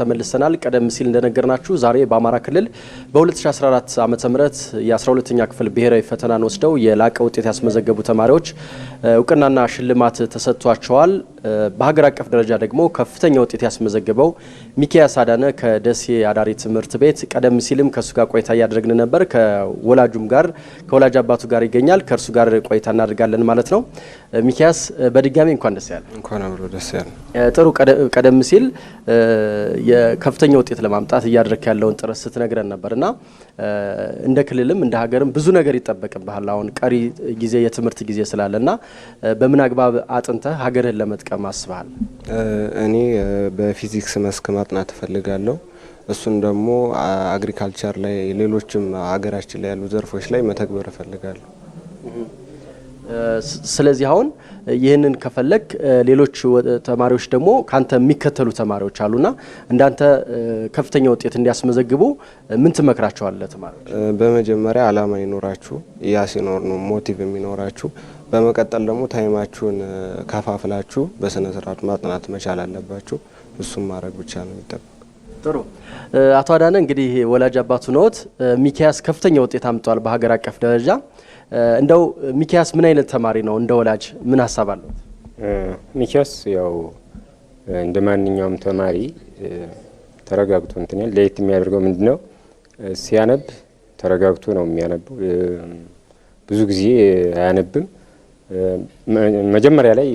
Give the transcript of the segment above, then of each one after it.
ተመልሰናል። ቀደም ሲል እንደነገርናችሁ ዛሬ በአማራ ክልል በ2014 ዓ ም የ12ኛ ክፍል ብሔራዊ ፈተናን ወስደው የላቀ ውጤት ያስመዘገቡ ተማሪዎች እውቅናና ሽልማት ተሰጥቷቸዋል። በሀገር አቀፍ ደረጃ ደግሞ ከፍተኛ ውጤት ያስመዘገበው ሚኪያስ አዳነ ከደሴ አዳሪ ትምህርት ቤት ቀደም ሲልም ከእሱ ጋር ቆይታ እያደረግን ነበር። ከወላጁም ጋር ከወላጅ አባቱ ጋር ይገኛል። ከእርሱ ጋር ቆይታ እናደርጋለን ማለት ነው። ሚኪያስ በድጋሚ እንኳን ደስ ያለ እንኳን አብሮ ደስ ያለ ጥሩ ቀደም ሲል ከፍተኛ ውጤት ለማምጣት እያደረክ ያለውን ጥረት ስትነግረን ነበር እና እንደ ክልልም እንደ ሀገርም ብዙ ነገር ይጠበቅብሃል። አሁን ቀሪ ጊዜ የትምህርት ጊዜ ስላለ እና በምን አግባብ አጥንተህ ሀገርህን ለመጥቀም አስበሃል? እኔ በፊዚክስ መስክ ማጥናት እፈልጋለሁ። እሱን ደግሞ አግሪካልቸር ላይ ሌሎችም ሀገራችን ላይ ያሉ ዘርፎች ላይ መተግበር እፈልጋለሁ። ስለዚህ አሁን ይህንን ከፈለግ ሌሎች ተማሪዎች ደግሞ ካንተ የሚከተሉ ተማሪዎች አሉና እንዳንተ ከፍተኛ ውጤት እንዲያስመዘግቡ ምን ትመክራቸዋለ? ተማሪዎች በመጀመሪያ አላማ ይኖራችሁ፣ ያ ሲኖር ነው ሞቲቭ የሚኖራችሁ። በመቀጠል ደግሞ ታይማችሁን ከፋፍላችሁ በስነ ስርዓት ማጥናት መቻል አለባችሁ። እሱም ማድረግ ብቻ ነው የሚጠበቅ። ጥሩ አቶ አዳነ እንግዲህ ወላጅ አባቱ ነዎት። ሚኪያስ ከፍተኛ ውጤት አምጧል በሀገር አቀፍ ደረጃ እንደው ሚኪያስ ምን አይነት ተማሪ ነው? እንደ ወላጅ ምን ሀሳብ አለው? ሚኪያስ ያው እንደ ማንኛውም ተማሪ ተረጋግቶ እንትን ያል ለየት የሚያደርገው ምንድን ነው? ሲያነብ ተረጋግቶ ነው የሚያነበው። ብዙ ጊዜ አያነብም። መጀመሪያ ላይ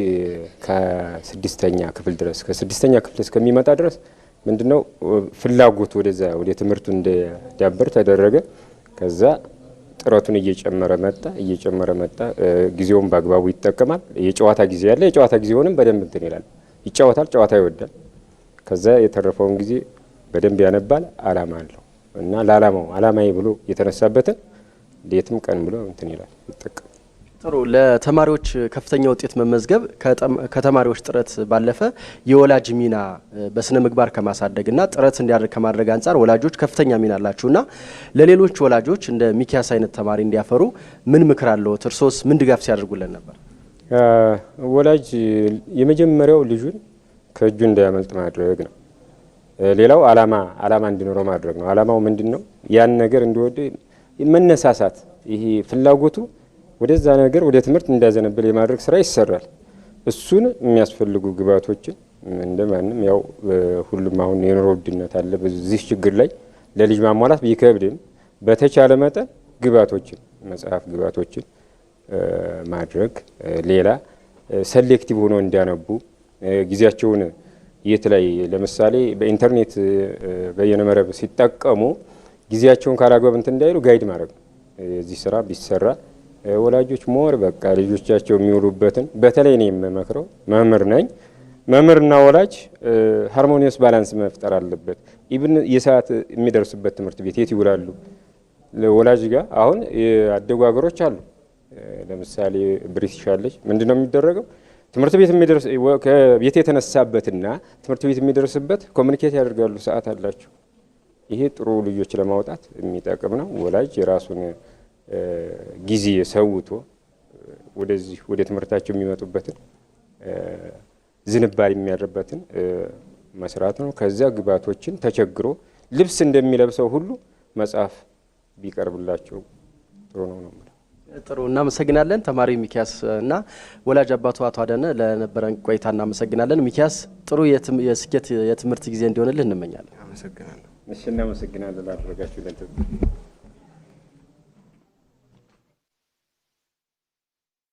ከስድስተኛ ክፍል ድረስ ከስድስተኛ ክፍል እስከሚመጣ ድረስ ምንድነው ፍላጎት ወደዛ ወደ ትምህርቱ እንዲያበር ተደረገ። ከዛ ጥረቱን እየጨመረ መጣ እየጨመረ መጣ። ጊዜውን በአግባቡ ይጠቀማል። የጨዋታ ጊዜ ያለ የጨዋታ ጊዜውንም በደንብ እንትን ይላል፣ ይጫወታል፣ ጨዋታ ይወዳል። ከዛ የተረፈውን ጊዜ በደንብ ያነባል። አላማ አለው እና ለአላማው አላማዬ ብሎ የተነሳበትን ሌትም ቀን ብሎ እንትን ይላል ይጠቀማል። ጥሩ ለተማሪዎች ከፍተኛ ውጤት መመዝገብ ከተማሪዎች ጥረት ባለፈ የወላጅ ሚና በስነ ምግባር ከማሳደግና ጥረት እንዲያደርግ ከማድረግ አንጻር ወላጆች ከፍተኛ ሚና አላችሁና ለሌሎች ወላጆች እንደ ሚኪያስ አይነት ተማሪ እንዲያፈሩ ምን ምክር አለዎት? እርሶስ ምን ድጋፍ ሲያደርጉልን ነበር? ወላጅ የመጀመሪያው ልጁን ከእጁ እንዳያመልጥ ማድረግ ነው። ሌላው አላማ አላማ እንዲኖረው ማድረግ ነው። አላማው ምንድን ነው? ያን ነገር እንዲወደ መነሳሳት፣ ይሄ ፍላጎቱ ወደዛ ነገር ወደ ትምህርት እንዳዘነብል የማድረግ ስራ ይሰራል። እሱን የሚያስፈልጉ ግብዓቶችን እንደማንም ያው ሁሉም አሁን የኑሮ ውድነት አለ። በዚህ ችግር ላይ ለልጅ ማሟላት ቢከብድም በተቻለ መጠን ግብዓቶችን መጽሐፍ ግብዓቶችን ማድረግ ሌላ ሰሌክቲቭ ሆኖ እንዲያነቡ ጊዜያቸውን የት ላይ ለምሳሌ በኢንተርኔት በየነመረብ ሲጠቀሙ ጊዜያቸውን ካላግባብ እንትን እንዳይሉ ጋይድ ማድረግ የዚህ ስራ ቢሰራ ወላጆች ሞር በቃ ልጆቻቸው የሚውሉበትን በተለይ ነው የምመክረው። መምህር ነኝ። መምህርና ወላጅ ሃርሞኒየስ ባላንስ መፍጠር አለበት። ኢብን የሰዓት የሚደርስበት ትምህርት ቤት የት ይውላሉ? ወላጅ ጋር አሁን የአደጉ ሀገሮች አሉ። ለምሳሌ ብሪቲሽ አለች። ምንድን ነው የሚደረገው? ትምህርት ቤት የሚደርስ የተነሳበትና ትምህርት ቤት የሚደርስበት ኮሚኒኬት ያደርጋሉ። ሰዓት አላቸው። ይሄ ጥሩ ልጆች ለማውጣት የሚጠቅም ነው። ወላጅ የራሱን ጊዜ ሰውቶ ወደዚህ ወደ ትምህርታቸው የሚመጡበትን ዝንባሌ የሚያድርበትን መስራት ነው። ከዚያ ግባቶችን ተቸግሮ ልብስ እንደሚለብሰው ሁሉ መጽሐፍ ቢቀርብላቸው ጥሩ ነው ነው ጥሩ እናመሰግናለን። ተማሪ ሚኪያስ እና ወላጅ አባቱ አቶ አደነ ለነበረን ቆይታ እናመሰግናለን። ሚኪያስ ጥሩ የስኬት የትምህርት ጊዜ እንዲሆንልህ እንመኛለን። አመሰግናለሁ። እሺ እናመሰግናለን ላደረጋችሁ